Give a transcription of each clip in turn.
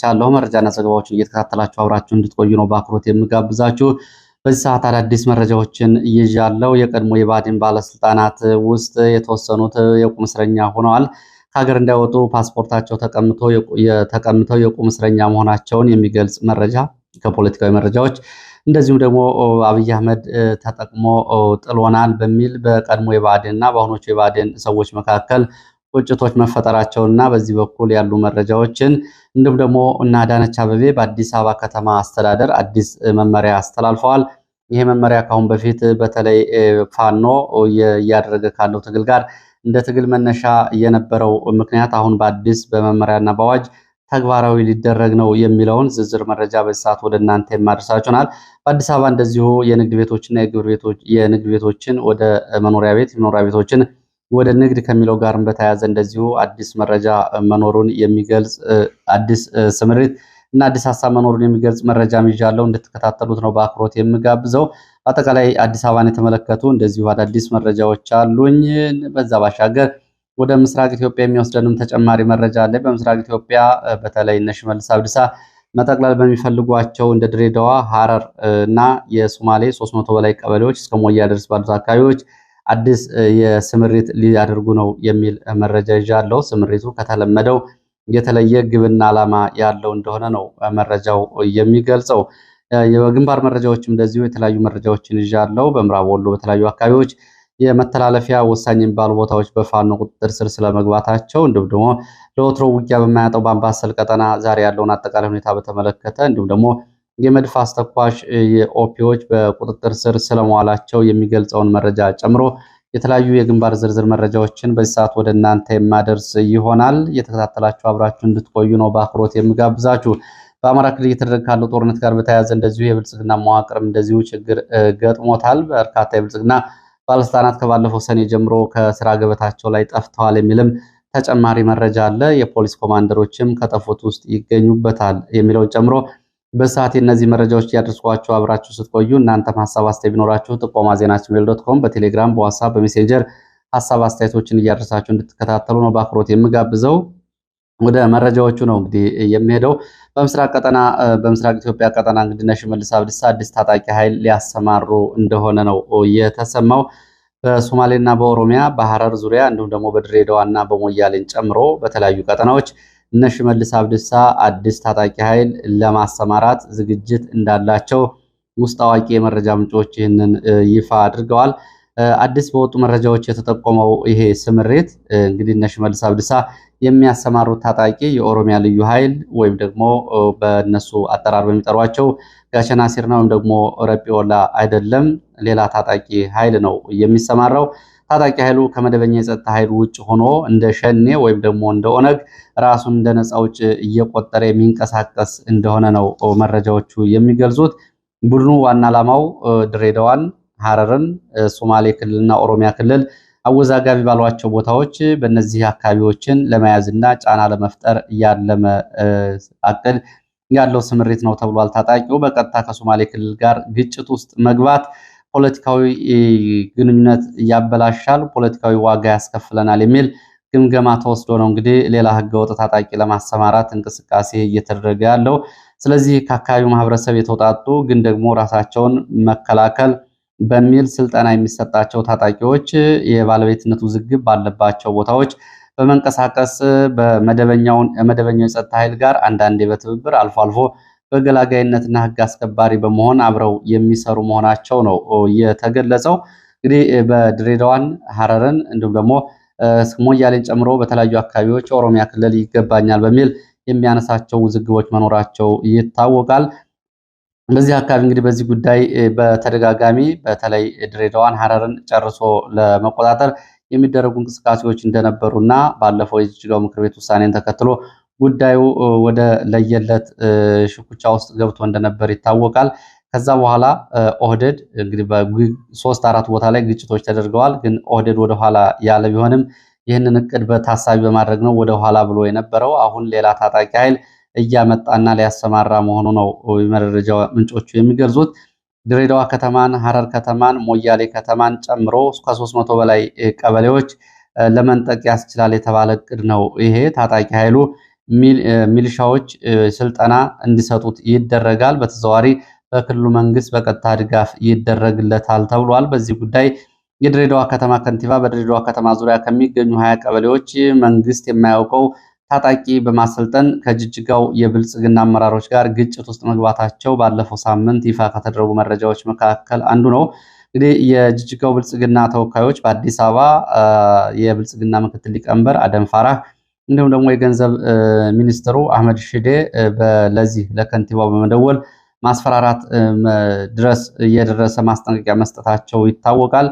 ቻለው መረጃና ዘገባዎችን እየተከታተላችሁ አብራችሁ እንድትቆዩ ነው በአክብሮት የምጋብዛችሁ። በዚህ ሰዓት አዳዲስ መረጃዎችን ይዣለው። የቀድሞ የባድን ባለስልጣናት ውስጥ የተወሰኑት የቁም እስረኛ ሆነዋል። ከሀገር እንዳይወጡ ፓስፖርታቸው ተቀምተው የቁም እስረኛ መሆናቸውን የሚገልጽ መረጃ ከፖለቲካዊ መረጃዎች እንደዚሁም ደግሞ አብይ አህመድ ተጠቅሞ ጥሎናል በሚል በቀድሞ የባዴን እና በአሁኖቹ የባዴን ሰዎች መካከል ቁጭቶች መፈጠራቸውና በዚህ በኩል ያሉ መረጃዎችን እንዲሁም ደግሞ እነ አዳነች አበቤ በአዲስ አበባ ከተማ አስተዳደር አዲስ መመሪያ አስተላልፈዋል። ይሄ መመሪያ ካሁን በፊት በተለይ ፋኖ እያደረገ ካለው ትግል ጋር እንደ ትግል መነሻ የነበረው ምክንያት አሁን በአዲስ በመመሪያና በአዋጅ ተግባራዊ ሊደረግ ነው የሚለውን ዝርዝር መረጃ በዚህ ሰዓት ወደ እናንተ የማደርሳችሁናል። በአዲስ አበባ እንደዚሁ የንግድ ቤቶችና የግብር ቤቶች የንግድ ቤቶችን ወደ መኖሪያ ቤት መኖሪያ ቤቶችን ወደ ንግድ ከሚለው ጋርም በተያያዘ እንደዚሁ አዲስ መረጃ መኖሩን የሚገልጽ አዲስ ስምሪት እና አዲስ ሀሳብ መኖሩን የሚገልጽ መረጃ ይዣለሁ። እንድትከታተሉት ነው በአክብሮት የምጋብዘው። በአጠቃላይ አዲስ አበባን የተመለከቱ እንደዚሁ አዳዲስ መረጃዎች አሉኝ። በዛ ባሻገር ወደ ምስራቅ ኢትዮጵያ የሚወስደንም ተጨማሪ መረጃ አለ። በምስራቅ ኢትዮጵያ በተለይ እነ ሽመልስ አብዲሳ መጠቅለል በሚፈልጓቸው እንደ ድሬዳዋ፣ ሀረር እና የሶማሌ 300 በላይ ቀበሌዎች እስከ ሞያ ድረስ ባሉት አካባቢዎች አዲስ የስምሪት ሊያደርጉ ነው የሚል መረጃ ይዣለሁ። ስምሪቱ ከተለመደው የተለየ ግብና ዓላማ ያለው እንደሆነ ነው መረጃው የሚገልጸው። የግንባር መረጃዎችም እንደዚሁ የተለያዩ መረጃዎችን ይዣለሁ። በምዕራብ ወሎ በተለያዩ አካባቢዎች የመተላለፊያ ወሳኝ የሚባሉ ቦታዎች በፋኖ ቁጥጥር ስር ስለመግባታቸው እንዲሁም ደግሞ ለወትሮ ውጊያ በማያጠው በአምባሰል ቀጠና ዛሬ ያለውን አጠቃላይ ሁኔታ በተመለከተ እንዲሁም ደግሞ የመድፍ አስተኳሽ ኦፒዎች በቁጥጥር ስር ስለመዋላቸው የሚገልጸውን መረጃ ጨምሮ የተለያዩ የግንባር ዝርዝር መረጃዎችን በዚህ ሰዓት ወደ እናንተ የማደርስ ይሆናል። እየተከታተላችሁ አብራችሁ እንድትቆዩ ነው በአክብሮት የምጋብዛችሁ። በአማራ ክልል እየተደረገ ካለው ጦርነት ጋር በተያያዘ እንደዚሁ የብልጽግና መዋቅርም እንደዚሁ ችግር ገጥሞታል። በርካታ የብልጽግና ባለስልጣናት ከባለፈው ሰኔ ጀምሮ ከስራ ገበታቸው ላይ ጠፍተዋል የሚልም ተጨማሪ መረጃ አለ። የፖሊስ ኮማንደሮችም ከጠፉት ውስጥ ይገኙበታል የሚለውን ጨምሮ በሰዓት እነዚህ መረጃዎች እያደረስኳችሁ አብራችሁ ስትቆዩ እናንተም ሀሳብ አስተያየት ቢኖራችሁ ጥቆማ ዜና ጂሜል ዶት ኮም በቴሌግራም በዋትሳፕ በሜሴንጀር ሀሳብ አስተያየቶችን እያደረሳችሁ እንድትከታተሉ ነው በአክብሮት የምጋብዘው። ወደ መረጃዎቹ ነው እንግዲህ የሚሄደው። በምስራቅ ቀጠና በምስራቅ ኢትዮጵያ ቀጠና እንግዲህ እነ ሽመልስ አብዲሳ አዲስ ታጣቂ ኃይል ሊያሰማሩ እንደሆነ ነው የተሰማው። በሶማሌና በኦሮሚያ በሐረር ዙሪያ እንዲሁም ደግሞ በድሬዳዋና በሞያሌን ጨምሮ በተለያዩ ቀጠናዎች እነ ሽመልስ አብዲሳ አዲስ ታጣቂ ኃይል ለማሰማራት ዝግጅት እንዳላቸው ውስጥ አዋቂ የመረጃ ምንጮች ይህንን ይፋ አድርገዋል። አዲስ በወጡ መረጃዎች የተጠቆመው ይሄ ስምሬት እንግዲህ እነ ሽመልስ አብዲሳ የሚያሰማሩት ታጣቂ የኦሮሚያ ልዩ ኃይል ወይም ደግሞ በእነሱ አጠራር በሚጠሯቸው ጋሸና ሲርና ወይም ደግሞ ወላ አይደለም፣ ሌላ ታጣቂ ኃይል ነው የሚሰማራው። ታጣቂ ኃይሉ ከመደበኛ የጸጥታ ኃይሉ ውጭ ሆኖ እንደ ሸኔ ወይም ደግሞ እንደ ኦነግ ራሱን እንደ ነፃ ውጭ እየቆጠረ የሚንቀሳቀስ እንደሆነ ነው መረጃዎቹ የሚገልጹት። ቡድኑ ዋና ዓላማው ድሬዳዋን፣ ሐረርን፣ ሶማሌ ክልልና ኦሮሚያ ክልል አወዛጋቢ ባሏቸው ቦታዎች በእነዚህ አካባቢዎችን ለመያዝና ጫና ለመፍጠር ያለመ አቅድ ያለው ስምሪት ነው ተብሏል። ታጣቂው በቀጥታ ከሶማሌ ክልል ጋር ግጭት ውስጥ መግባት ፖለቲካዊ ግንኙነት ያበላሻል፣ ፖለቲካዊ ዋጋ ያስከፍለናል የሚል ግምገማ ተወስዶ ነው እንግዲህ ሌላ ህገወጥ ታጣቂ ለማሰማራት እንቅስቃሴ እየተደረገ ያለው። ስለዚህ ከአካባቢው ማህበረሰብ የተውጣጡ ግን ደግሞ ራሳቸውን መከላከል በሚል ስልጠና የሚሰጣቸው ታጣቂዎች የባለቤትነት ውዝግብ ባለባቸው ቦታዎች በመንቀሳቀስ በመደበኛው የጸጥታ ኃይል ጋር አንዳንዴ በትብብር አልፎ አልፎ በገላጋይነትና ህግ አስከባሪ በመሆን አብረው የሚሰሩ መሆናቸው ነው የተገለጸው። እንግዲህ በድሬዳዋን ሐረርን እንዲሁም ደግሞ ሞያሌን ጨምሮ በተለያዩ አካባቢዎች ኦሮሚያ ክልል ይገባኛል በሚል የሚያነሳቸው ውዝግቦች መኖራቸው ይታወቃል። በዚህ አካባቢ እንግዲህ በዚህ ጉዳይ በተደጋጋሚ በተለይ ድሬዳዋን ሐረርን ጨርሶ ለመቆጣጠር የሚደረጉ እንቅስቃሴዎች እንደነበሩና ባለፈው የጅጅጋው ምክር ቤት ውሳኔን ተከትሎ ጉዳዩ ወደ ለየለት ሽኩቻ ውስጥ ገብቶ እንደነበር ይታወቃል። ከዛ በኋላ ኦህደድ እንግዲህ በሶስት አራት ቦታ ላይ ግጭቶች ተደርገዋል። ግን ኦህደድ ወደኋላ ያለ ቢሆንም ይህንን እቅድ በታሳቢ በማድረግ ነው ወደኋላ ብሎ የነበረው። አሁን ሌላ ታጣቂ ኃይል እያመጣና ሊያሰማራ መሆኑ ነው የመረጃ ምንጮቹ የሚገልጹት። ድሬዳዋ ከተማን፣ ሀረር ከተማን፣ ሞያሌ ከተማን ጨምሮ ከሶስት መቶ በላይ ቀበሌዎች ለመንጠቅ ያስችላል የተባለ እቅድ ነው ይሄ ታጣቂ ኃይሉ ሚሊሻዎች ስልጠና እንዲሰጡት ይደረጋል። በተዘዋሪ በክልሉ መንግስት በቀጥታ ድጋፍ ይደረግለታል ተብሏል። በዚህ ጉዳይ የድሬዳዋ ከተማ ከንቲባ በድሬዳዋ ከተማ ዙሪያ ከሚገኙ ሀያ ቀበሌዎች መንግስት የማያውቀው ታጣቂ በማሰልጠን ከጅጅጋው የብልጽግና አመራሮች ጋር ግጭት ውስጥ መግባታቸው ባለፈው ሳምንት ይፋ ከተደረጉ መረጃዎች መካከል አንዱ ነው። እንግዲህ የጅጅጋው ብልጽግና ተወካዮች በአዲስ አበባ የብልጽግና ምክትል ሊቀመንበር አደም ፋራህ እንዲሁም ደግሞ የገንዘብ ሚኒስትሩ አህመድ ሽዴ ለዚህ ለከንቲባው በመደወል ማስፈራራት ድረስ እየደረሰ ማስጠንቀቂያ መስጠታቸው ይታወቃል።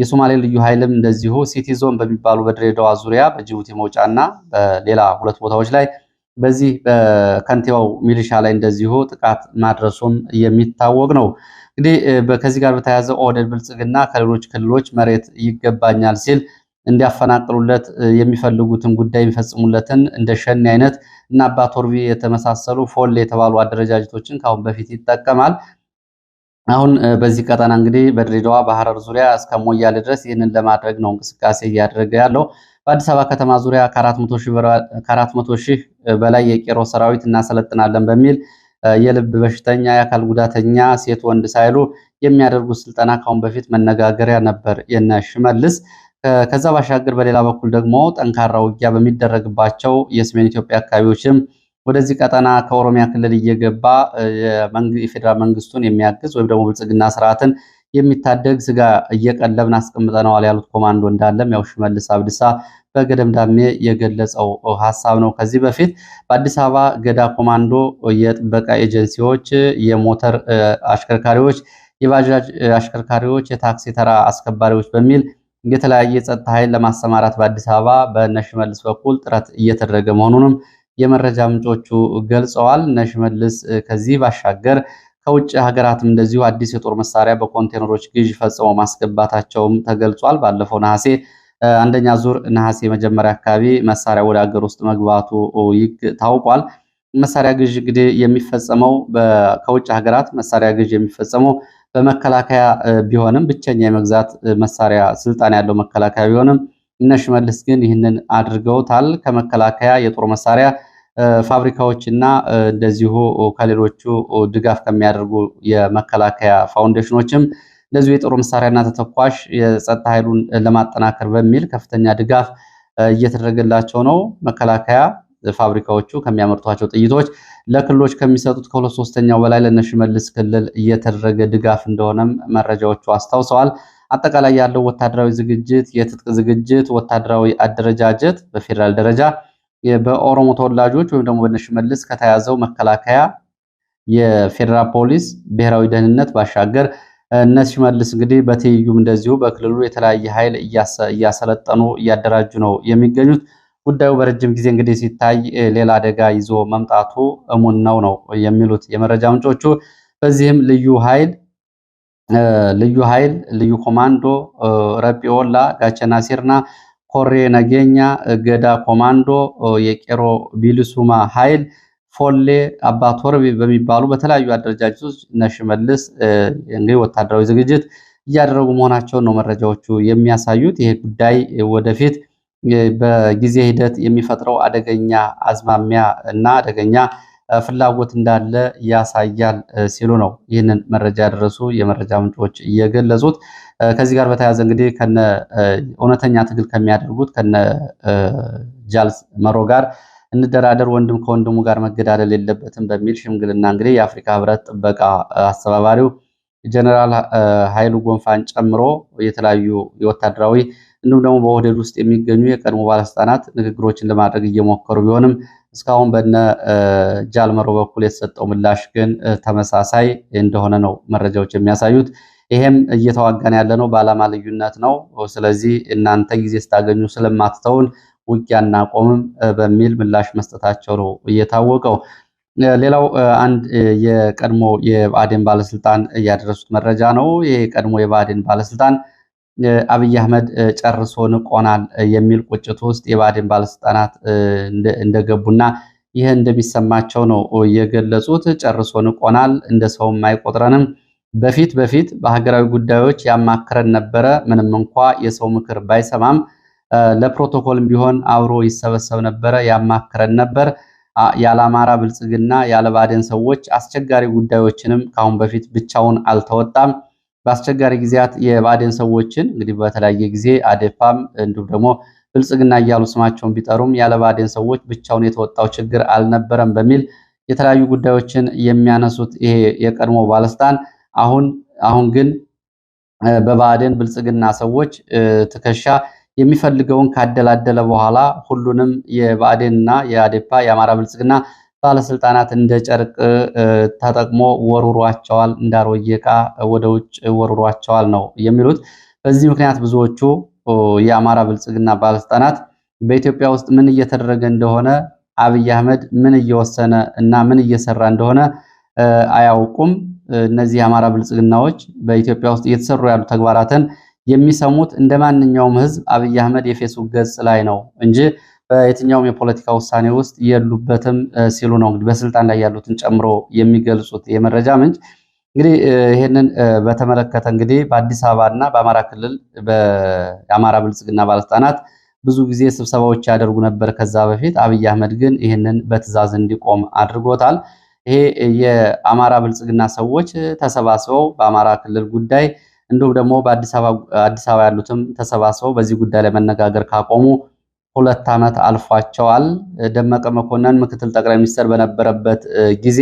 የሶማሌ ልዩ ኃይልም እንደዚሁ ሲቲ ዞን በሚባሉ በድሬዳዋ ዙሪያ በጅቡቲ መውጫ በሌላ ሁለት ቦታዎች ላይ በዚህ በከንቲባው ሚሊሻ ላይ እንደዚሁ ጥቃት ማድረሱም የሚታወቅ ነው። እንግዲህ ከዚህ ጋር በተያያዘ ኦህዴድ ብልጽግና ከሌሎች ክልሎች መሬት ይገባኛል ሲል እንዲያፈናቅሉለት የሚፈልጉትን ጉዳይ የሚፈጽሙለትን እንደ ሸኒ አይነት እና አባቶርቪ የተመሳሰሉ ፎል የተባሉ አደረጃጀቶችን ከአሁን በፊት ይጠቀማል። አሁን በዚህ ቀጠና እንግዲህ በድሬዳዋ በሐረር ዙሪያ እስከ ሞያሌ ድረስ ይህንን ለማድረግ ነው እንቅስቃሴ እያደረገ ያለው። በአዲስ አበባ ከተማ ዙሪያ ከአራት መቶ ሺህ በላይ የቄሮ ሰራዊት እናሰለጥናለን በሚል የልብ በሽተኛ፣ የአካል ጉዳተኛ፣ ሴት ወንድ ሳይሉ የሚያደርጉት ስልጠና ከአሁን በፊት መነጋገሪያ ነበር የነ ሽመልስ ከዛ ባሻገር በሌላ በኩል ደግሞ ጠንካራ ውጊያ በሚደረግባቸው የሰሜን ኢትዮጵያ አካባቢዎችም ወደዚህ ቀጠና ከኦሮሚያ ክልል እየገባ የፌዴራል መንግስቱን የሚያግዝ ወይም ደግሞ ብልጽግና ስርዓትን የሚታደግ ስጋ እየቀለብን አስቀምጠነዋል ያሉት ኮማንዶ እንዳለም ያው ሽመልስ አብዲሳ በገደምዳሜ የገለጸው ሀሳብ ነው። ከዚህ በፊት በአዲስ አበባ ገዳ ኮማንዶ የጥበቃ ኤጀንሲዎች፣ የሞተር አሽከርካሪዎች፣ የባጃጅ አሽከርካሪዎች፣ የታክሲ ተራ አስከባሪዎች በሚል የተለያየ የጸጥታ ኃይል ለማሰማራት በአዲስ አበባ በነሽመልስ በኩል ጥረት እየተደረገ መሆኑንም የመረጃ ምንጮቹ ገልጸዋል። ነሽመልስ ከዚህ ባሻገር ከውጭ ሀገራትም እንደዚሁ አዲስ የጦር መሳሪያ በኮንቴነሮች ግዥ ፈጽመው ማስገባታቸውም ተገልጿል። ባለፈው ነሐሴ አንደኛ ዙር ነሐሴ መጀመሪያ አካባቢ መሳሪያ ወደ ሀገር ውስጥ መግባቱ ታውቋል። መሳሪያ ግዥ እንግዲህ የሚፈጸመው ከውጭ ሀገራት መሳሪያ ግዥ የሚፈጸመው በመከላከያ ቢሆንም ብቸኛ የመግዛት መሳሪያ ስልጣን ያለው መከላከያ ቢሆንም እነ ሽመልስ ግን ይህንን አድርገውታል። ከመከላከያ የጦር መሳሪያ ፋብሪካዎች እና እንደዚሁ ከሌሎቹ ድጋፍ ከሚያደርጉ የመከላከያ ፋውንዴሽኖችም እንደዚሁ የጦር መሳሪያና ተተኳሽ የጸጥታ ኃይሉን ለማጠናከር በሚል ከፍተኛ ድጋፍ እየተደረገላቸው ነው። መከላከያ ፋብሪካዎቹ ከሚያመርቷቸው ጥይቶች ለክልሎች ከሚሰጡት ከሁለት ሶስተኛው በላይ ለነሽመልስ ክልል እየተደረገ ድጋፍ እንደሆነም መረጃዎቹ አስታውሰዋል። አጠቃላይ ያለው ወታደራዊ ዝግጅት፣ የትጥቅ ዝግጅት፣ ወታደራዊ አደረጃጀት በፌዴራል ደረጃ በኦሮሞ ተወላጆች ወይም ደግሞ በነሽመልስ ከተያዘው መከላከያ፣ የፌዴራል ፖሊስ፣ ብሔራዊ ደህንነት ባሻገር እነሱ መልስ እንግዲህ በትይዩም እንደዚሁ በክልሉ የተለያየ ኃይል እያሰለጠኑ እያደራጁ ነው የሚገኙት። ጉዳዩ በረጅም ጊዜ እንግዲህ ሲታይ ሌላ አደጋ ይዞ መምጣቱ እሙን ነው ነው የሚሉት የመረጃ ምንጮቹ። በዚህም ልዩ ኃይል ልዩ ኃይል ልዩ ኮማንዶ ረጲዮላ ጋቸና ሲርና ኮሬ ነገኛ ገዳ ኮማንዶ የቄሮ ቢልሱማ ኃይል ፎሌ አባ ቶርቢ በሚባሉ በተለያዩ አደረጃጀቶች ነሽመልስ እንግዲህ ወታደራዊ ዝግጅት እያደረጉ መሆናቸውን ነው መረጃዎቹ የሚያሳዩት። ይሄ ጉዳይ ወደፊት በጊዜ ሂደት የሚፈጥረው አደገኛ አዝማሚያ እና አደገኛ ፍላጎት እንዳለ ያሳያል ሲሉ ነው ይህንን መረጃ ያደረሱ የመረጃ ምንጮች እየገለጹት። ከዚህ ጋር በተያያዘ እንግዲህ ከነ እውነተኛ ትግል ከሚያደርጉት ከነ ጃልስ መሮ ጋር እንደራደር፣ ወንድም ከወንድሙ ጋር መገዳደል የለበትም በሚል ሽምግልና እንግዲህ የአፍሪካ ሕብረት ጥበቃ አስተባባሪው ጀነራል ኃይሉ ጎንፋን ጨምሮ የተለያዩ የወታደራዊ እንዲሁም ደግሞ በወደድ ውስጥ የሚገኙ የቀድሞ ባለስልጣናት ንግግሮችን ለማድረግ እየሞከሩ ቢሆንም እስካሁን በነ ጃልመሮ በኩል የተሰጠው ምላሽ ግን ተመሳሳይ እንደሆነ ነው መረጃዎች የሚያሳዩት። ይሄም እየተዋጋን ያለ ነው በዓላማ ልዩነት ነው። ስለዚህ እናንተ ጊዜ ስታገኙ ስለማትተውን ውጊያ አናቆምም በሚል ምላሽ መስጠታቸው ነው እየታወቀው። ሌላው አንድ የቀድሞ የብአዴን ባለስልጣን እያደረሱት መረጃ ነው። ይሄ የቀድሞ የብአዴን ባለስልጣን አብይ አህመድ ጨርሶ ንቆናል የሚል ቁጭት ውስጥ የባድን ባለስልጣናት እንደገቡና ይህ እንደሚሰማቸው ነው የገለጹት። ጨርሶ ንቆናል፣ እንደ ሰውም አይቆጥረንም። በፊት በፊት በሀገራዊ ጉዳዮች ያማክረን ነበረ። ምንም እንኳ የሰው ምክር ባይሰማም ለፕሮቶኮልም ቢሆን አብሮ ይሰበሰብ ነበረ፣ ያማክረን ነበር። ያለ አማራ ብልጽግና ያለ ባዴን ሰዎች አስቸጋሪ ጉዳዮችንም ከአሁን በፊት ብቻውን አልተወጣም። በአስቸጋሪ ጊዜያት የባደን ሰዎችን እንግዲህ በተለያየ ጊዜ አዴፓም እንዲሁም ደግሞ ብልጽግና እያሉ ስማቸውን ቢጠሩም ያለ ባዴን ሰዎች ብቻውን የተወጣው ችግር አልነበረም በሚል የተለያዩ ጉዳዮችን የሚያነሱት ይሄ የቀድሞ ባለስልጣን አሁን አሁን ግን በባደን ብልጽግና ሰዎች ትከሻ የሚፈልገውን ካደላደለ በኋላ ሁሉንም የባደንና የአዴፓ የአማራ ብልጽግና ባለስልጣናት እንደ ጨርቅ ተጠቅሞ ወርውሯቸዋል፣ እንዳሮየቃ ወደ ውጭ ወርውሯቸዋል ነው የሚሉት። በዚህ ምክንያት ብዙዎቹ የአማራ ብልጽግና ባለስልጣናት በኢትዮጵያ ውስጥ ምን እየተደረገ እንደሆነ አብይ አህመድ ምን እየወሰነ እና ምን እየሰራ እንደሆነ አያውቁም። እነዚህ የአማራ ብልጽግናዎች በኢትዮጵያ ውስጥ እየተሰሩ ያሉ ተግባራትን የሚሰሙት እንደ ማንኛውም ሕዝብ አብይ አህመድ የፌስቡክ ገጽ ላይ ነው እንጂ በየትኛውም የፖለቲካ ውሳኔ ውስጥ የሉበትም ሲሉ ነው እንግዲህ በስልጣን ላይ ያሉትን ጨምሮ የሚገልጹት የመረጃ ምንጭ። እንግዲህ ይህንን በተመለከተ እንግዲህ በአዲስ አበባ እና በአማራ ክልል የአማራ ብልጽግና ባለስልጣናት ብዙ ጊዜ ስብሰባዎች ያደርጉ ነበር ከዛ በፊት። አብይ አህመድ ግን ይህንን በትዕዛዝ እንዲቆም አድርጎታል። ይሄ የአማራ ብልጽግና ሰዎች ተሰባስበው በአማራ ክልል ጉዳይ እንዲሁም ደግሞ በአዲስ አበባ ያሉትም ተሰባስበው በዚህ ጉዳይ ላይ መነጋገር ካቆሙ ሁለት ዓመት አልፏቸዋል። ደመቀ መኮንን ምክትል ጠቅላይ ሚኒስትር በነበረበት ጊዜ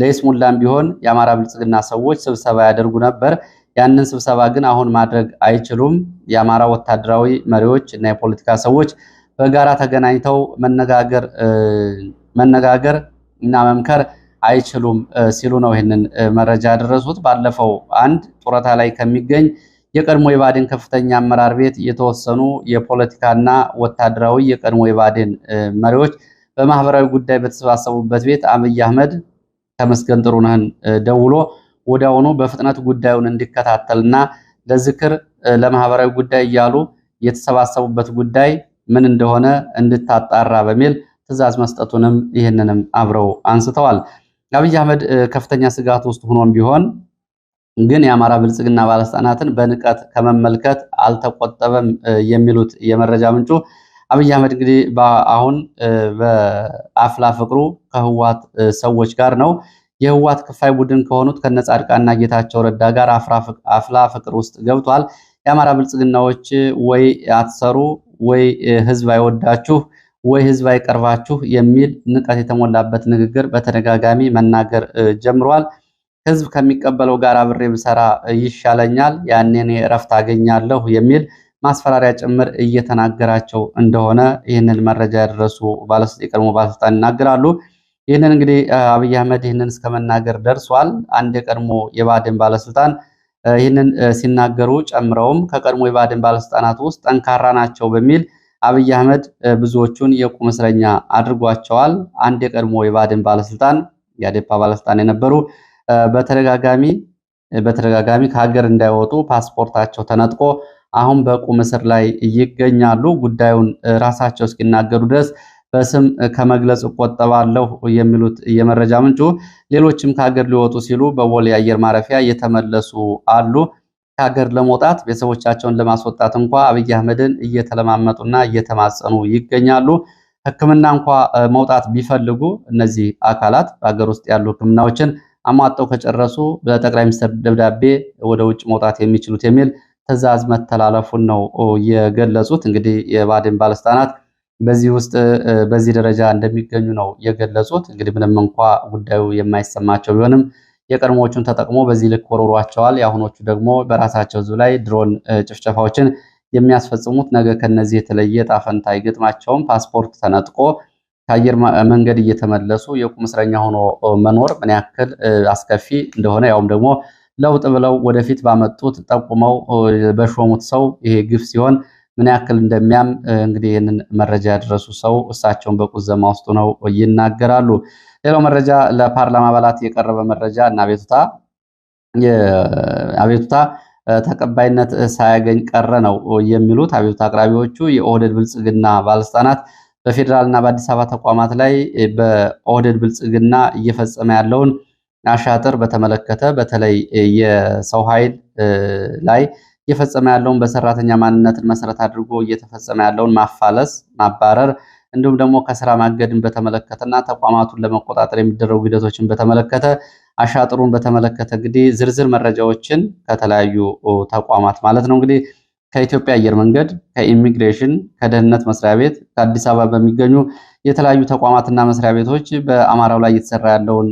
ለይስሙላም ቢሆን የአማራ ብልጽግና ሰዎች ስብሰባ ያደርጉ ነበር። ያንን ስብሰባ ግን አሁን ማድረግ አይችሉም። የአማራ ወታደራዊ መሪዎች እና የፖለቲካ ሰዎች በጋራ ተገናኝተው መነጋገር እና መምከር አይችሉም ሲሉ ነው ይህንን መረጃ ያደረሱት። ባለፈው አንድ ጡረታ ላይ ከሚገኝ የቀድሞ የባድን ከፍተኛ አመራር ቤት የተወሰኑ የፖለቲካና ወታደራዊ የቀድሞ የባድን መሪዎች በማህበራዊ ጉዳይ በተሰባሰቡበት ቤት አብይ አህመድ ተመስገን ጥሩነህን ደውሎ ወዲያውኑ በፍጥነት ጉዳዩን እንዲከታተልና ለዝክር ለማህበራዊ ጉዳይ እያሉ የተሰባሰቡበት ጉዳይ ምን እንደሆነ እንድታጣራ በሚል ትዕዛዝ መስጠቱንም ይህንንም አብረው አንስተዋል። አብይ አህመድ ከፍተኛ ስጋት ውስጥ ሆኖም ቢሆን ግን የአማራ ብልጽግና ባለስልጣናትን በንቀት ከመመልከት አልተቆጠበም የሚሉት የመረጃ ምንጩ አብይ አህመድ እንግዲህ አሁን በአፍላ ፍቅሩ ከህዋት ሰዎች ጋር ነው። የህዋት ክፋይ ቡድን ከሆኑት ከነጻድቃና ጌታቸው ረዳ ጋር አፍላ ፍቅር ውስጥ ገብቷል። የአማራ ብልጽግናዎች ወይ አትሰሩ፣ ወይ ህዝብ አይወዳችሁ፣ ወይ ህዝብ አይቀርባችሁ የሚል ንቀት የተሞላበት ንግግር በተደጋጋሚ መናገር ጀምሯል። ህዝብ ከሚቀበለው ጋር አብሬ ብሰራ ይሻለኛል፣ ያኔን እረፍት አገኛለሁ የሚል ማስፈራሪያ ጭምር እየተናገራቸው እንደሆነ ይህንን መረጃ ያደረሱ የቀድሞ ባለስልጣን ይናገራሉ። ይህንን እንግዲህ አብይ አህመድ ይህንን እስከ መናገር ደርሷል። አንድ የቀድሞ የባድን ባለስልጣን ይህንን ሲናገሩ ጨምረውም ከቀድሞ የባድን ባለስልጣናት ውስጥ ጠንካራ ናቸው በሚል አብይ አህመድ ብዙዎቹን የቁም እስረኛ አድርጓቸዋል። አንድ የቀድሞ የባድን ባለስልጣን የአዴፓ ባለስልጣን የነበሩ በተደጋጋሚ በተደጋጋሚ ከሀገር እንዳይወጡ ፓስፖርታቸው ተነጥቆ አሁን በቁም እስር ላይ ይገኛሉ። ጉዳዩን ራሳቸው እስኪናገሩ ድረስ በስም ከመግለጽ እቆጠባለሁ የሚሉት የመረጃ ምንጩ፣ ሌሎችም ከሀገር ሊወጡ ሲሉ በቦሌ አየር ማረፊያ እየተመለሱ አሉ። ከሀገር ለመውጣት ቤተሰቦቻቸውን ለማስወጣት እንኳ አብይ አህመድን እየተለማመጡና እየተማጸኑ ይገኛሉ። ሕክምና እንኳ መውጣት ቢፈልጉ እነዚህ አካላት በሀገር ውስጥ ያሉ ሕክምናዎችን አሟጠው ከጨረሱ በጠቅላይ ሚኒስትር ደብዳቤ ወደ ውጭ መውጣት የሚችሉት የሚል ትዕዛዝ መተላለፉን ነው የገለጹት። እንግዲህ የባድን ባለስልጣናት በዚህ ውስጥ በዚህ ደረጃ እንደሚገኙ ነው የገለጹት። እንግዲህ ምንም እንኳ ጉዳዩ የማይሰማቸው ቢሆንም የቀድሞዎቹን ተጠቅሞ በዚህ ልክ ወርውሯቸዋል። የአሁኖቹ ደግሞ በራሳቸው ሕዝብ ላይ ድሮን ጭፍጨፋዎችን የሚያስፈጽሙት ነገ ከነዚህ የተለየ ጣፈንታ አይገጥማቸውም። ፓስፖርት ተነጥቆ ከአየር መንገድ እየተመለሱ የቁም እስረኛ ሆኖ መኖር ምን ያክል አስከፊ እንደሆነ ያውም ደግሞ ለውጥ ብለው ወደፊት ባመጡት ጠቁመው በሾሙት ሰው ይሄ ግፍ ሲሆን ምን ያክል እንደሚያም እንግዲህ ይህንን መረጃ ያደረሱ ሰው እሳቸውን በቁዘማ ውስጡ ነው ይናገራሉ። ሌላው መረጃ ለፓርላማ አባላት የቀረበ መረጃ እና አቤቱታ ተቀባይነት ሳያገኝ ቀረ ነው የሚሉት አቤቱታ አቅራቢዎቹ የኦህደድ ብልጽግና ባለስልጣናት በፌዴራልና በአዲስ አበባ ተቋማት ላይ በኦህደድ ብልጽግና እየፈጸመ ያለውን አሻጥር በተመለከተ በተለይ የሰው ኃይል ላይ እየፈጸመ ያለውን በሰራተኛ ማንነትን መሰረት አድርጎ እየተፈጸመ ያለውን ማፋለስ፣ ማባረር እንዲሁም ደግሞ ከስራ ማገድን በተመለከተና ተቋማቱን ለመቆጣጠር የሚደረጉ ሂደቶችን በተመለከተ አሻጥሩን በተመለከተ እንግዲህ ዝርዝር መረጃዎችን ከተለያዩ ተቋማት ማለት ነው እንግዲህ ከኢትዮጵያ አየር መንገድ፣ ከኢሚግሬሽን፣ ከደህንነት መስሪያ ቤት፣ ከአዲስ አበባ በሚገኙ የተለያዩ ተቋማትና መስሪያ ቤቶች በአማራው ላይ እየተሰራ ያለውን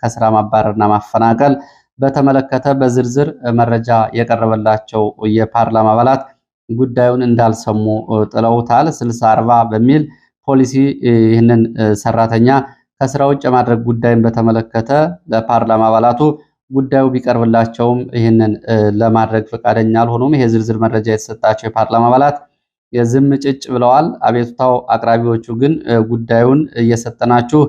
ከስራ ማባረርና ማፈናቀል በተመለከተ በዝርዝር መረጃ የቀረበላቸው የፓርላማ አባላት ጉዳዩን እንዳልሰሙ ጥለውታል። ስልሳ አርባ በሚል ፖሊሲ ይህንን ሰራተኛ ከስራ ውጭ የማድረግ ጉዳይን በተመለከተ ለፓርላማ አባላቱ ጉዳዩ ቢቀርብላቸውም ይህንን ለማድረግ ፈቃደኛ አልሆኑም። ይሄ ዝርዝር መረጃ የተሰጣቸው የፓርላማ አባላት የዝም ጭጭ ብለዋል። አቤቱታው አቅራቢዎቹ ግን ጉዳዩን እየሰጠናችሁ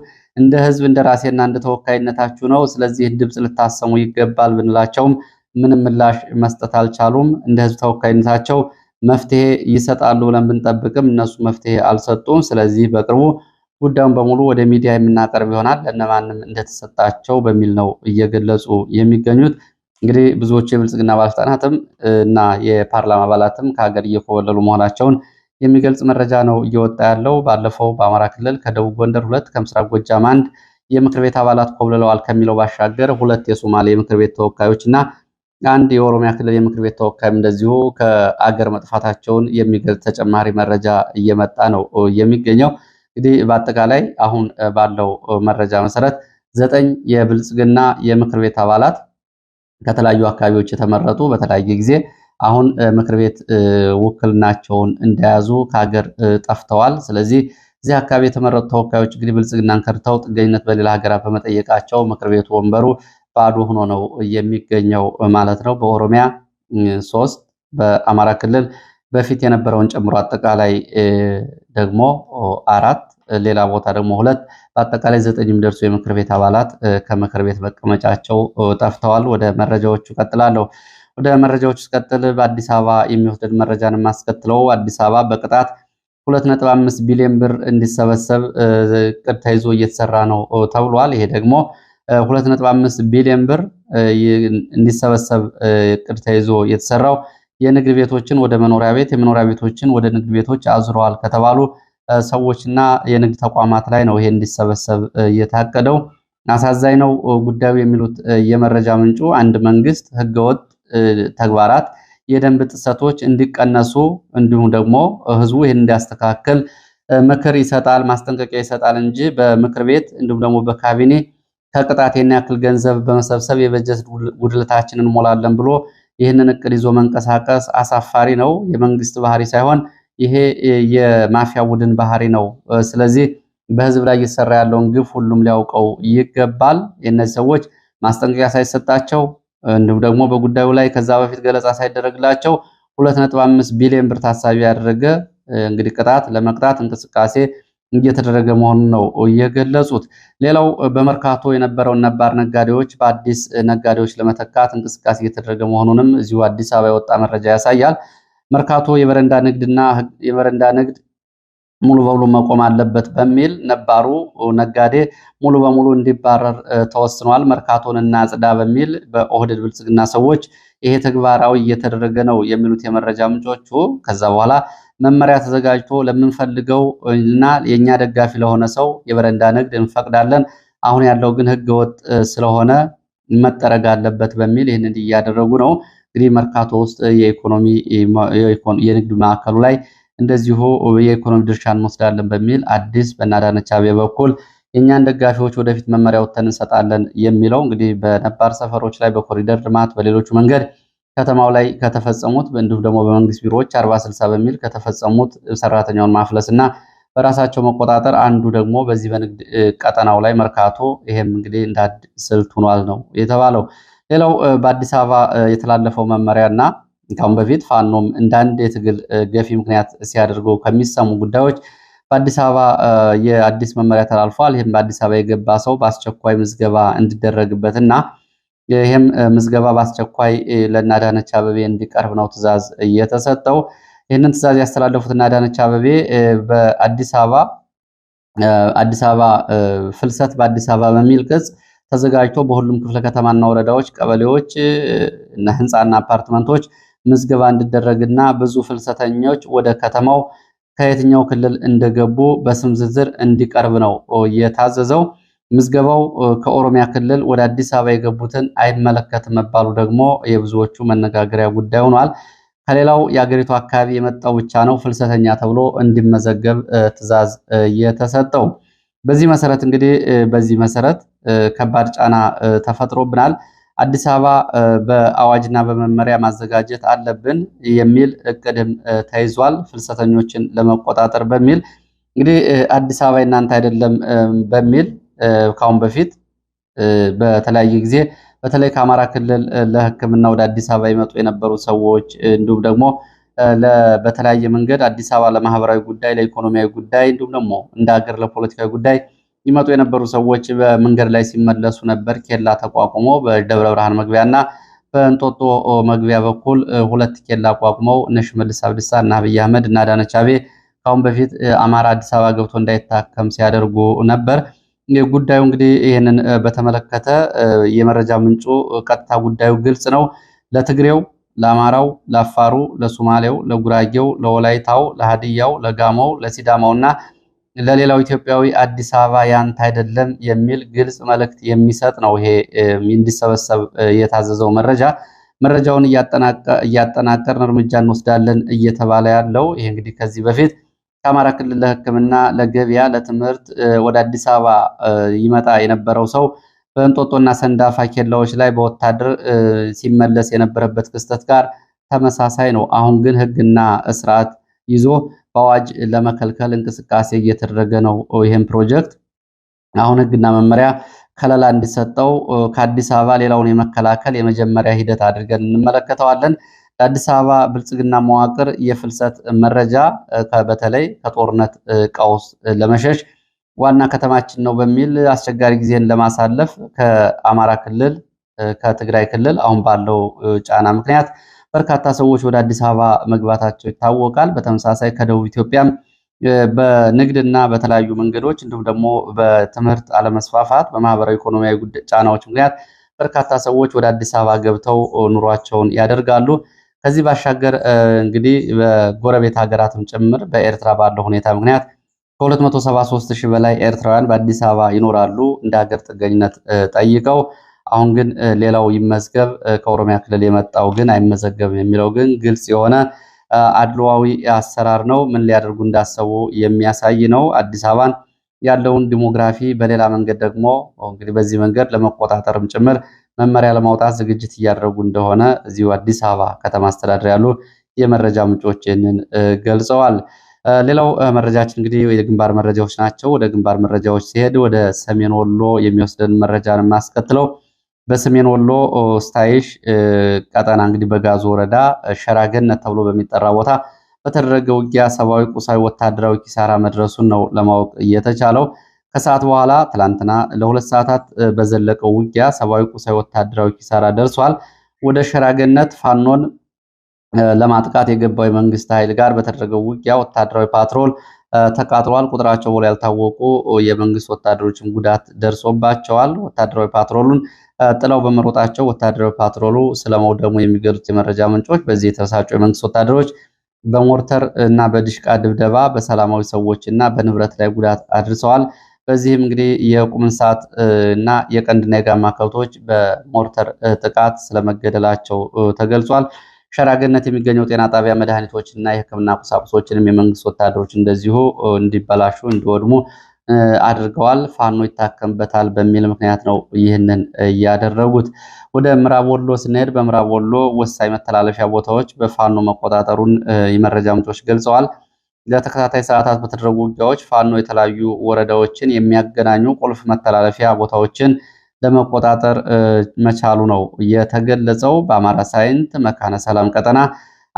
እንደ ህዝብ እንደ ራሴና እንደ ተወካይነታችሁ ነው፣ ስለዚህ ድምፅ ልታሰሙ ይገባል ብንላቸውም ምንም ምላሽ መስጠት አልቻሉም። እንደ ህዝብ ተወካይነታቸው መፍትሄ ይሰጣሉ ብለን ብንጠብቅም እነሱ መፍትሄ አልሰጡም። ስለዚህ በቅርቡ ጉዳዩን በሙሉ ወደ ሚዲያ የምናቀርብ ይሆናል። ለእነማንም እንደተሰጣቸው በሚል ነው እየገለጹ የሚገኙት። እንግዲህ ብዙዎቹ የብልጽግና ባለስልጣናትም እና የፓርላማ አባላትም ከሀገር እየኮበለሉ መሆናቸውን የሚገልጽ መረጃ ነው እየወጣ ያለው። ባለፈው በአማራ ክልል ከደቡብ ጎንደር ሁለት ከምስራቅ ጎጃም አንድ የምክር ቤት አባላት ኮብልለዋል ከሚለው ባሻገር ሁለት የሶማሌ የምክር ቤት ተወካዮች እና አንድ የኦሮሚያ ክልል የምክር ቤት ተወካይም እንደዚሁ ከአገር መጥፋታቸውን የሚገልጽ ተጨማሪ መረጃ እየመጣ ነው የሚገኘው። እንግዲህ በአጠቃላይ አሁን ባለው መረጃ መሰረት ዘጠኝ የብልጽግና የምክር ቤት አባላት ከተለያዩ አካባቢዎች የተመረጡ በተለያየ ጊዜ አሁን ምክር ቤት ውክልናቸውን እንደያዙ ከሀገር ጠፍተዋል። ስለዚህ እዚህ አካባቢ የተመረጡ ተወካዮች እንግዲህ ብልጽግናን ከድተው ጥገኝነት በሌላ ሀገራት በመጠየቃቸው ምክር ቤቱ ወንበሩ ባዶ ሆኖ ነው የሚገኘው ማለት ነው። በኦሮሚያ ሶስት በአማራ ክልል በፊት የነበረውን ጨምሮ አጠቃላይ ደግሞ አራት ሌላ ቦታ ደግሞ ሁለት በአጠቃላይ ዘጠኝ የሚደርሱ የምክር ቤት አባላት ከምክር ቤት መቀመጫቸው ጠፍተዋል። ወደ መረጃዎቹ ቀጥላለሁ። ወደ መረጃዎቹ ስቀጥል በአዲስ አበባ የሚወስደን መረጃን የማስከትለው አዲስ አበባ በቅጣት 2.5 ቢሊዮን ብር እንዲሰበሰብ ቅድ ተይዞ እየተሰራ ነው ተብሏል። ይሄ ደግሞ 2.5 ቢሊዮን ብር እንዲሰበሰብ ቅድ ተይዞ የተሰራው የንግድ ቤቶችን ወደ መኖሪያ ቤት፣ የመኖሪያ ቤቶችን ወደ ንግድ ቤቶች አዙረዋል ከተባሉ ሰዎችና የንግድ ተቋማት ላይ ነው ይሄ እንዲሰበሰብ የታቀደው። አሳዛኝ ነው ጉዳዩ የሚሉት የመረጃ ምንጩ አንድ መንግስት ህገወጥ ተግባራት፣ የደንብ ጥሰቶች እንዲቀነሱ እንዲሁም ደግሞ ህዝቡ ይህን እንዲያስተካክል ምክር ይሰጣል፣ ማስጠንቀቂያ ይሰጣል እንጂ በምክር ቤት እንዲሁም ደግሞ በካቢኔ ከቅጣት ያክል ገንዘብ በመሰብሰብ የበጀት ጉድለታችንን እንሞላለን ብሎ ይህንን እቅድ ይዞ መንቀሳቀስ አሳፋሪ ነው። የመንግስት ባህሪ ሳይሆን ይሄ የማፊያ ቡድን ባህሪ ነው። ስለዚህ በህዝብ ላይ እየተሰራ ያለውን ግፍ ሁሉም ሊያውቀው ይገባል። የእነዚህ ሰዎች ማስጠንቀቂያ ሳይሰጣቸው እንዲሁም ደግሞ በጉዳዩ ላይ ከዛ በፊት ገለጻ ሳይደረግላቸው 2.5 ቢሊዮን ብር ታሳቢ ያደረገ እንግዲህ ቅጣት ለመቅጣት እንቅስቃሴ እየተደረገ መሆኑን ነው የገለጹት። ሌላው በመርካቶ የነበረውን ነባር ነጋዴዎች በአዲስ ነጋዴዎች ለመተካት እንቅስቃሴ እየተደረገ መሆኑንም እዚሁ አዲስ አበባ የወጣ መረጃ ያሳያል። መርካቶ የበረንዳ ንግድና የበረንዳ ንግድ ሙሉ በሙሉ መቆም አለበት በሚል ነባሩ ነጋዴ ሙሉ በሙሉ እንዲባረር ተወስኗል። መርካቶን እና ጽዳ በሚል በኦህደድ ብልጽግና ሰዎች ይሄ ተግባራዊ እየተደረገ ነው የሚሉት የመረጃ ምንጮቹ ከዛ በኋላ መመሪያ ተዘጋጅቶ ለምንፈልገው እና የእኛ ደጋፊ ለሆነ ሰው የበረንዳ ንግድ እንፈቅዳለን። አሁን ያለው ግን ህገወጥ ስለሆነ መጠረግ አለበት በሚል ይህንን እያደረጉ ነው። እንግዲህ መርካቶ ውስጥ የኢኮኖሚ የንግድ ማዕከሉ ላይ እንደዚሁ የኢኮኖሚ ድርሻ እንወስዳለን በሚል አዲስ በአዳነች አቤቤ በኩል የእኛን ደጋፊዎች ወደፊት መመሪያ ወጥተን እንሰጣለን የሚለው እንግዲህ በነባር ሰፈሮች ላይ በኮሪደር ልማት በሌሎቹ መንገድ ከተማው ላይ ከተፈጸሙት እንዲሁም ደግሞ በመንግስት ቢሮዎች አርባ ስልሳ በሚል ከተፈጸሙት ሰራተኛውን ማፍለስ እና በራሳቸው መቆጣጠር አንዱ ደግሞ በዚህ በንግድ ቀጠናው ላይ መርካቶ፣ ይሄም እንግዲህ እንዳድ ስልት ሆኗል ነው የተባለው። ሌላው በአዲስ አበባ የተላለፈው መመሪያ እና ካሁን በፊት ፋኖም እንዳንድ የትግል ገፊ ምክንያት ሲያደርገው ከሚሰሙ ጉዳዮች በአዲስ አበባ የአዲስ መመሪያ ተላልፏል። ይህም በአዲስ አበባ የገባ ሰው በአስቸኳይ ምዝገባ እንዲደረግበትና ይህም ምዝገባ በአስቸኳይ ለእነ አበቤ እንዲቀርብ ነው ትዛዝ እየተሰጠው። ይህንን ትዛዝ ያስተላለፉት አዳነች አበቤ በአዲስ አበባ አዲስ አበባ ፍልሰት በአዲስ አበባ በሚል ቅጽ ተዘጋጅቶ በሁሉም ክፍለ ከተማና ወረዳዎች፣ ቀበሌዎች እና ህንፃና አፓርትመንቶች ምዝገባ እንዲደረግና ብዙ ፍልሰተኞች ወደ ከተማው ከየትኛው ክልል እንደገቡ በስም ዝርዝር እንዲቀርብ ነው የታዘዘው። ምዝገባው ከኦሮሚያ ክልል ወደ አዲስ አበባ የገቡትን አይመለከትም መባሉ ደግሞ የብዙዎቹ መነጋገሪያ ጉዳይ ሆኗል። ከሌላው የአገሪቱ አካባቢ የመጣው ብቻ ነው ፍልሰተኛ ተብሎ እንዲመዘገብ ትዕዛዝ የተሰጠው። በዚህ መሰረት እንግዲህ በዚህ መሰረት ከባድ ጫና ተፈጥሮብናል፣ አዲስ አበባ በአዋጅና በመመሪያ ማዘጋጀት አለብን የሚል እቅድም ተይዟል፣ ፍልሰተኞችን ለመቆጣጠር በሚል እንግዲህ አዲስ አበባ እናንተ አይደለም በሚል ካሁን በፊት በተለያየ ጊዜ በተለይ ከአማራ ክልል ለሕክምና ወደ አዲስ አበባ ይመጡ የነበሩ ሰዎች እንዲሁም ደግሞ በተለያየ መንገድ አዲስ አበባ ለማህበራዊ ጉዳይ፣ ለኢኮኖሚያዊ ጉዳይ እንዲሁም ደግሞ እንደ ሀገር ለፖለቲካዊ ጉዳይ ይመጡ የነበሩ ሰዎች በመንገድ ላይ ሲመለሱ ነበር። ኬላ ተቋቁሞ በደብረ ብርሃን መግቢያና በእንጦጦ መግቢያ በኩል ሁለት ኬላ አቋቁመው እነ ሽመልስ አብዲሳ እና አብይ አህመድ እና አዳነች አቤ ከአሁን በፊት አማራ አዲስ አበባ ገብቶ እንዳይታከም ሲያደርጉ ነበር። ጉዳዩ እንግዲህ ይህንን በተመለከተ የመረጃ ምንጩ ቀጥታ ጉዳዩ ግልጽ ነው። ለትግሬው፣ ለአማራው፣ ለአፋሩ፣ ለሶማሌው፣ ለጉራጌው፣ ለወላይታው፣ ለሀዲያው፣ ለጋሞው፣ ለሲዳማው እና ለሌላው ኢትዮጵያዊ አዲስ አበባ ያንተ አይደለም የሚል ግልጽ መልእክት የሚሰጥ ነው። ይሄ እንዲሰበሰብ የታዘዘው መረጃ መረጃውን እያጠናቀርን እርምጃ እንወስዳለን እየተባለ ያለው ይሄ እንግዲህ ከዚህ በፊት ከአማራ ክልል ለሕክምና፣ ለገበያ፣ ለትምህርት ወደ አዲስ አበባ ይመጣ የነበረው ሰው በእንጦጦና ሰንዳፋ ኬላዎች ላይ በወታደር ሲመለስ የነበረበት ክስተት ጋር ተመሳሳይ ነው። አሁን ግን ሕግና ስርዓት ይዞ በአዋጅ ለመከልከል እንቅስቃሴ እየተደረገ ነው። ይህም ፕሮጀክት አሁን ሕግና መመሪያ ከለላ እንዲሰጠው ከአዲስ አበባ ሌላውን የመከላከል የመጀመሪያ ሂደት አድርገን እንመለከተዋለን። የአዲስ አበባ ብልጽግና መዋቅር የፍልሰት መረጃ በተለይ ከጦርነት ቀውስ ለመሸሽ ዋና ከተማችን ነው በሚል አስቸጋሪ ጊዜን ለማሳለፍ ከአማራ ክልል ከትግራይ ክልል አሁን ባለው ጫና ምክንያት በርካታ ሰዎች ወደ አዲስ አበባ መግባታቸው ይታወቃል። በተመሳሳይ ከደቡብ ኢትዮጵያም በንግድና በተለያዩ መንገዶች እንዲሁም ደግሞ በትምህርት አለመስፋፋት በማህበራዊ ኢኮኖሚያዊ ጫናዎች ምክንያት በርካታ ሰዎች ወደ አዲስ አበባ ገብተው ኑሯቸውን ያደርጋሉ። ከዚህ ባሻገር እንግዲህ በጎረቤት ሀገራትም ጭምር በኤርትራ ባለው ሁኔታ ምክንያት ከ273 ሺህ በላይ ኤርትራውያን በአዲስ አበባ ይኖራሉ እንደ ሀገር ጥገኝነት ጠይቀው አሁን ግን ሌላው ይመዝገብ ከኦሮሚያ ክልል የመጣው ግን አይመዘገብም የሚለው ግን ግልጽ የሆነ አድሏዊ አሰራር ነው። ምን ሊያደርጉ እንዳሰቡ የሚያሳይ ነው። አዲስ አበባን ያለውን ዲሞግራፊ በሌላ መንገድ ደግሞ እንግዲህ በዚህ መንገድ ለመቆጣጠርም ጭምር መመሪያ ለማውጣት ዝግጅት እያደረጉ እንደሆነ እዚሁ አዲስ አበባ ከተማ አስተዳደር ያሉ የመረጃ ምንጮች ይህንን ገልጸዋል። ሌላው መረጃችን እንግዲህ የግንባር መረጃዎች ናቸው። ወደ ግንባር መረጃዎች ሲሄድ ወደ ሰሜን ወሎ የሚወስደን መረጃ የማስከትለው በሰሜን ወሎ ስታይሽ ቀጠና እንግዲህ በጋዞ ወረዳ ሸራገነት ተብሎ በሚጠራ ቦታ በተደረገ ውጊያ ሰብአዊ፣ ቁሳዊ፣ ወታደራዊ ኪሳራ መድረሱን ነው ለማወቅ እየተቻለው። ከሰዓት በኋላ ትላንትና ለሁለት ሰዓታት በዘለቀው ውጊያ ሰብአዊ፣ ቁሳዊ፣ ወታደራዊ ኪሳራ ደርሷል። ወደ ሸራገነት ፋኖን ለማጥቃት የገባው የመንግስት ኃይል ጋር በተደረገው ውጊያ ወታደራዊ ፓትሮል ተቃጥሏል። ቁጥራቸው በውል ያልታወቁ የመንግስት ወታደሮችም ጉዳት ደርሶባቸዋል። ወታደራዊ ፓትሮሉን ጥለው በመሮጣቸው ወታደራዊ ፓትሮሉ ስለመውደሙ የሚገሩት የመረጃ ምንጮች በዚህ የተበሳጩ የመንግስት ወታደሮች በሞርተር እና በድሽቃ ድብደባ በሰላማዊ ሰዎች እና በንብረት ላይ ጉዳት አድርሰዋል። በዚህም እንግዲህ የቁም እንስሳት እና የቀንድና የጋማ ከብቶች በሞርተር ጥቃት ስለመገደላቸው ተገልጿል። ሸራገነት የሚገኘው ጤና ጣቢያ መድኃኒቶች እና የሕክምና ቁሳቁሶችንም የመንግስት ወታደሮች እንደዚሁ እንዲበላሹ እንዲወድሙ አድርገዋል። ፋኖ ይታከምበታል በሚል ምክንያት ነው ይህንን እያደረጉት። ወደ ምዕራብ ወሎ ስንሄድ በምዕራብ ወሎ ወሳኝ መተላለፊያ ቦታዎች በፋኖ መቆጣጠሩን የመረጃ ምንጮች ገልጸዋል። ለተከታታይ ሰዓታት በተደረጉ ውጊያዎች ፋኖ የተለያዩ ወረዳዎችን የሚያገናኙ ቁልፍ መተላለፊያ ቦታዎችን ለመቆጣጠር መቻሉ ነው የተገለጸው። በአማራ ሳይንት መካነ ሰላም ቀጠና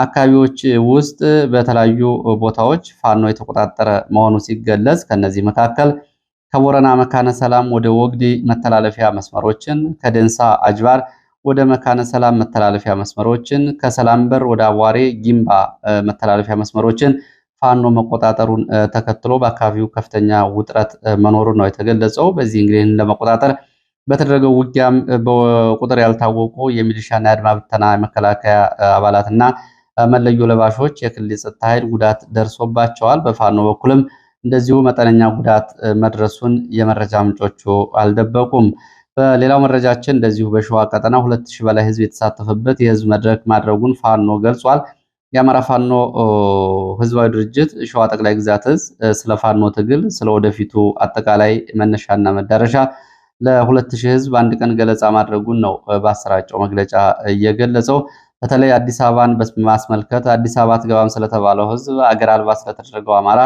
አካባቢዎች ውስጥ በተለያዩ ቦታዎች ፋኖ የተቆጣጠረ መሆኑ ሲገለጽ ከነዚህ መካከል ከቦረና መካነ ሰላም ወደ ወግዲ መተላለፊያ መስመሮችን፣ ከደንሳ አጅባር ወደ መካነ ሰላም መተላለፊያ መስመሮችን፣ ከሰላም በር ወደ አዋሬ ጊምባ መተላለፊያ መስመሮችን ፋኖ መቆጣጠሩን ተከትሎ በአካባቢው ከፍተኛ ውጥረት መኖሩን ነው የተገለጸው። በዚህ እንግዲህ ለመቆጣጠር በተደረገው ውጊያም በቁጥር ያልታወቁ የሚሊሻና የአድማ ብተና መከላከያ አባላትና መለዮ ለባሾች የክልል የጸጥታ ኃይል ጉዳት ደርሶባቸዋል። በፋኖ በኩልም እንደዚሁ መጠነኛ ጉዳት መድረሱን የመረጃ ምንጮቹ አልደበቁም። በሌላው መረጃችን እንደዚሁ በሸዋ ቀጠና ሁለት ሺህ በላይ ህዝብ የተሳተፈበት የህዝብ መድረክ ማድረጉን ፋኖ ገልጿል። የአማራ ፋኖ ህዝባዊ ድርጅት ሸዋ ጠቅላይ ግዛት እዝ ስለ ፋኖ ትግል ስለ ወደፊቱ አጠቃላይ መነሻና መዳረሻ ለሁለት ሺህ ህዝብ አንድ ቀን ገለጻ ማድረጉን ነው በአሰራጨው መግለጫ እየገለጸው። በተለይ አዲስ አበባን በማስመልከት አዲስ አበባ ትገባም ስለተባለው ህዝብ አገር አልባ ስለተደረገው አማራ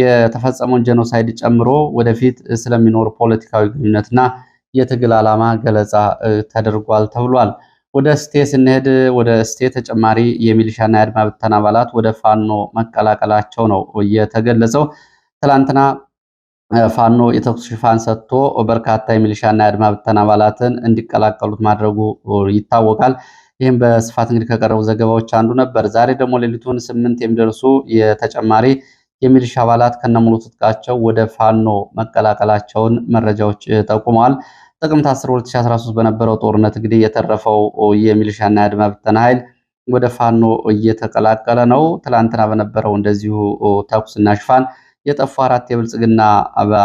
የተፈጸመውን ጀኖሳይድ ጨምሮ ወደፊት ስለሚኖር ፖለቲካዊ ግንኙነትና የትግል ዓላማ ገለጻ ተደርጓል ተብሏል። ወደ እስቴ ስንሄድ ወደ እስቴ ተጨማሪ የሚሊሻና የአድማ ብተና አባላት ወደ ፋኖ መቀላቀላቸው ነው የተገለጸው። ትላንትና ፋኖ የተኩስ ሽፋን ሰጥቶ በርካታ የሚሊሻና የአድማ ብተና አባላትን እንዲቀላቀሉት ማድረጉ ይታወቃል። ይህም በስፋት እንግዲህ ከቀረቡ ዘገባዎች አንዱ ነበር። ዛሬ ደግሞ ሌሊቱን ስምንት የሚደርሱ የተጨማሪ የሚሊሻ አባላት ከነሙሉ ትጥቃቸው ወደ ፋኖ መቀላቀላቸውን መረጃዎች ጠቁመዋል። ጥቅምት 10 2013 በነበረው ጦርነት እንግዲህ የተረፈው የሚሊሻና የአድማ ብተና ኃይል ወደ ፋኖ እየተቀላቀለ ነው። ትላንትና በነበረው እንደዚሁ ተኩስና ሽፋን የጠፉ አራት የብልጽግና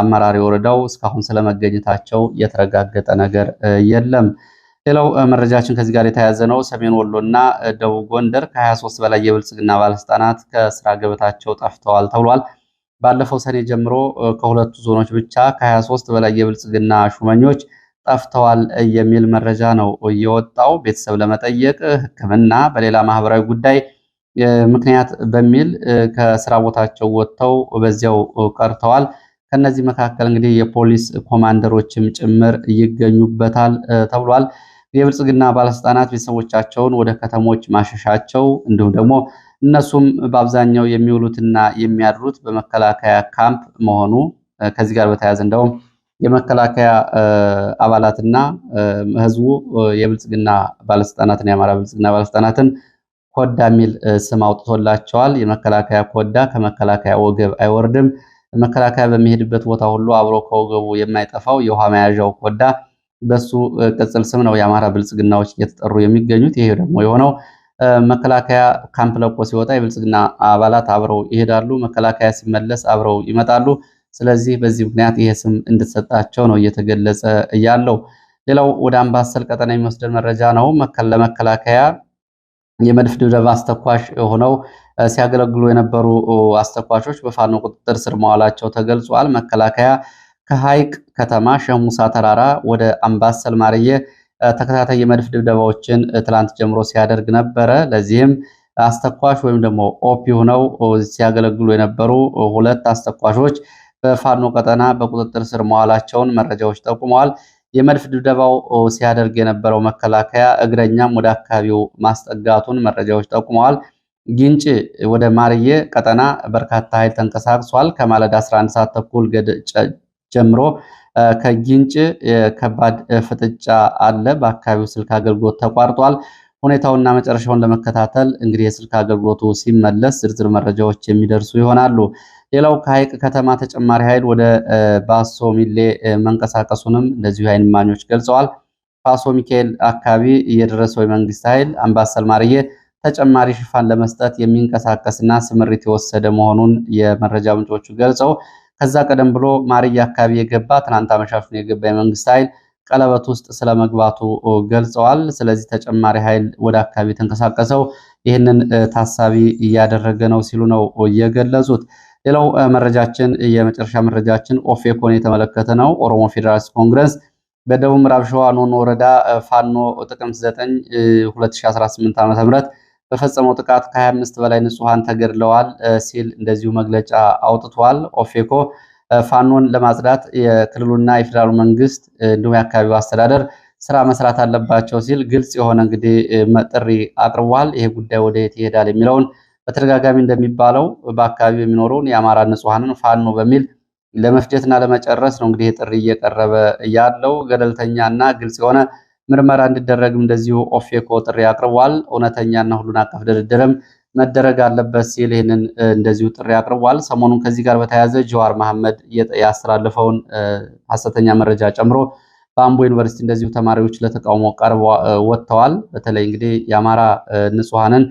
አመራር የወረዳው እስካሁን ስለመገኘታቸው የተረጋገጠ ነገር የለም። ሌላው መረጃችን ከዚህ ጋር የተያያዘ ነው። ሰሜን ወሎና ደቡብ ጎንደር ከ23 በላይ የብልጽግና ባለስልጣናት ከስራ ገበታቸው ጠፍተዋል ተብሏል። ባለፈው ሰኔ ጀምሮ ከሁለቱ ዞኖች ብቻ ከ23 በላይ የብልጽግና ሹመኞች ጠፍተዋል የሚል መረጃ ነው የወጣው። ቤተሰብ ለመጠየቅ ሕክምና፣ በሌላ ማህበራዊ ጉዳይ ምክንያት በሚል ከስራ ቦታቸው ወጥተው በዚያው ቀርተዋል። ከነዚህ መካከል እንግዲህ የፖሊስ ኮማንደሮችም ጭምር ይገኙበታል ተብሏል። የብልጽግና ባለስልጣናት ቤተሰቦቻቸውን ወደ ከተሞች ማሸሻቸው እንዲሁም ደግሞ እነሱም በአብዛኛው የሚውሉትና የሚያድሩት በመከላከያ ካምፕ መሆኑ ከዚህ ጋር በተያያዘ እንደውም የመከላከያ አባላትና ህዝቡ የብልጽግና ባለስልጣናትን የአማራ ብልጽግና ባለስልጣናትን ኮዳ የሚል ስም አውጥቶላቸዋል። የመከላከያ ኮዳ ከመከላከያ ወገብ አይወርድም። መከላከያ በሚሄድበት ቦታ ሁሉ አብሮ ከወገቡ የማይጠፋው የውሃ መያዣው ኮዳ በሱ ቅጽል ስም ነው የአማራ ብልጽግናዎች እየተጠሩ የሚገኙት። ይሄ ደግሞ የሆነው መከላከያ ካምፕ ለቆ ሲወጣ የብልጽግና አባላት አብረው ይሄዳሉ። መከላከያ ሲመለስ አብረው ይመጣሉ። ስለዚህ በዚህ ምክንያት ይሄ ስም እንድትሰጣቸው ነው እየተገለጸ ያለው። ሌላው ወደ አምባሰል ቀጠና የሚወስደን መረጃ ነው። ለመከላከያ የመድፍ ድብደባ አስተኳሽ ሆነው ሲያገለግሉ የነበሩ አስተኳሾች በፋኖ ቁጥጥር ስር መዋላቸው ተገልጿል። መከላከያ ከሐይቅ ከተማ ሸሙሳ ተራራ ወደ አምባሰል ማርዬ ተከታታይ የመድፍ ድብደባዎችን ትላንት ጀምሮ ሲያደርግ ነበረ። ለዚህም አስተኳሽ ወይም ደግሞ ኦፒ ሆነው ሲያገለግሉ የነበሩ ሁለት አስተኳሾች በፋኖ ቀጠና በቁጥጥር ስር መዋላቸውን መረጃዎች ጠቁመዋል። የመድፍ ድብደባው ሲያደርግ የነበረው መከላከያ እግረኛም ወደ አካባቢው ማስጠጋቱን መረጃዎች ጠቁመዋል። ግንጭ ወደ ማርዬ ቀጠና በርካታ ኃይል ተንቀሳቅሷል። ከማለዳ 11 ሰዓት ተኩል ጀምሮ ከግንጭ ከባድ ፍጥጫ አለ። በአካባቢው ስልክ አገልግሎት ተቋርጧል። ሁኔታውና መጨረሻውን ለመከታተል እንግዲህ የስልክ አገልግሎቱ ሲመለስ ዝርዝር መረጃዎች የሚደርሱ ይሆናሉ። ሌላው ከሀይቅ ከተማ ተጨማሪ ኃይል ወደ ባሶ ሚሌ መንቀሳቀሱንም እንደዚሁ የዓይን እማኞች ገልጸዋል። ፋሶ ሚካኤል አካባቢ የደረሰው የመንግስት ኃይል አምባሰል ማርዬ ተጨማሪ ሽፋን ለመስጠት የሚንቀሳቀስና ስምሪት የወሰደ መሆኑን የመረጃ ምንጮቹ ገልጸው ከዛ ቀደም ብሎ ማርዬ አካባቢ የገባ ትናንት አመሻሹን የገባ የመንግስት ኃይል ቀለበት ውስጥ ስለመግባቱ ገልጸዋል። ስለዚህ ተጨማሪ ኃይል ወደ አካባቢ የተንቀሳቀሰው ይህንን ታሳቢ እያደረገ ነው ሲሉ ነው የገለጹት። ሌላው መረጃችን የመጨረሻ መረጃችን ኦፌኮን የተመለከተ ነው። ኦሮሞ ፌዴራሊስት ኮንግረስ በደቡብ ምዕራብ ሸዋ ኖኖ ወረዳ ፋኖ ጥቅምት 9 2018 ዓ.ም በፈጸመው ጥቃት ከ25 በላይ ንጹሐን ተገድለዋል ሲል እንደዚሁ መግለጫ አውጥቷል። ኦፌኮ ፋኖን ለማጽዳት የክልሉና የፌዴራሉ መንግስት እንዲሁም የአካባቢው አስተዳደር ስራ መስራት አለባቸው ሲል ግልጽ የሆነ እንግዲህ ጥሪ አቅርቧል። ይሄ ጉዳይ ወደ የት ይሄዳል የሚለውን በተደጋጋሚ እንደሚባለው በአካባቢው የሚኖረውን የአማራ ንጹሐንን ፋኖ በሚል ለመፍጀትና ለመጨረስ ነው እንግዲህ ጥሪ እየቀረበ ያለው። ገለልተኛና ግልጽ የሆነ ምርመራ እንዲደረግም እንደዚሁ ኦፌኮ ጥሪ አቅርቧል። እውነተኛና ሁሉን አቀፍ ድርድርም መደረግ አለበት ሲል ይህንን እንደዚሁ ጥሪ አቅርቧል። ሰሞኑን ከዚህ ጋር በተያያዘ ጀዋር መሐመድ ያስተላለፈውን ሀሰተኛ መረጃ ጨምሮ በአምቦ ዩኒቨርሲቲ እንደዚሁ ተማሪዎች ለተቃውሞ ቀርበው ወጥተዋል። በተለይ እንግዲህ የአማራ ንጹሐንን